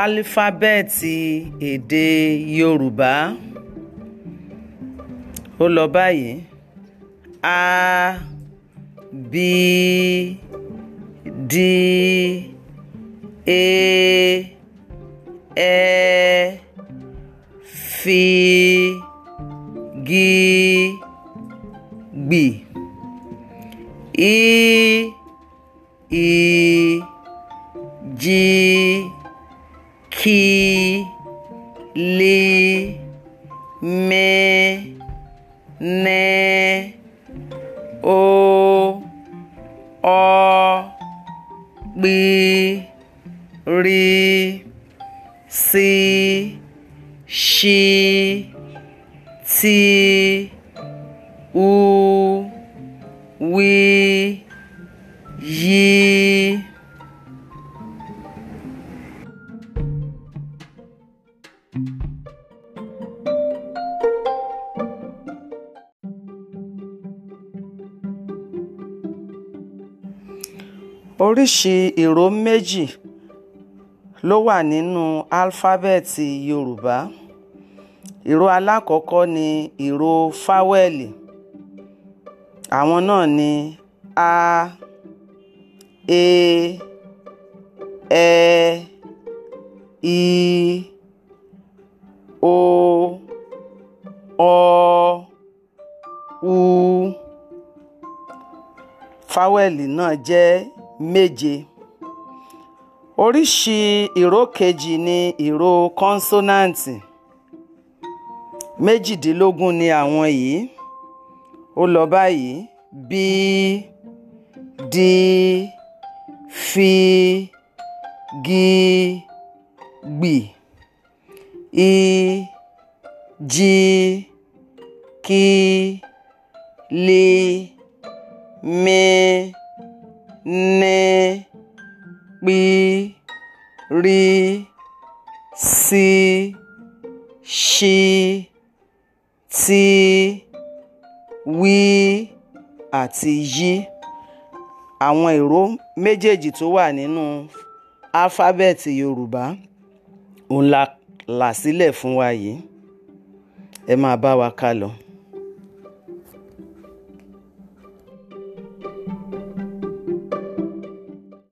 álífábẹ́ẹ̀tì èdè yorùbá ó lọ báyìí a b d e ẹ e, f g gbì i i j kí lè mẹ́ nẹ́ O ọ́ gbé rí sí ṣí tí u wí yìí. Oríṣi ìró méjì ló wà nínú álífábẹ́ẹ̀tì Yorùbá. Ìró alákọ̀ọ́kọ́ ni ìró fáwẹ́ẹ̀lì. Àwọn náà ni a, e, ẹ, e, i, o, ọ, u. Fáwẹ́ẹ̀lì náà jẹ́ méje oríṣi ìró kejì ni ìró kọ́nsọ́náǹtì méjìdínlógún ni àwọn yìí ó lọ báyìí b d f g gb i j k l m ní pí rí sí ṣí tí wí àti yí àwọn ìró méjèèjì tó wà nínú álífábẹ́ẹ̀tì yorùbá òun la là sílẹ̀ fún wa yìí ẹ máa bá wa ká lọ.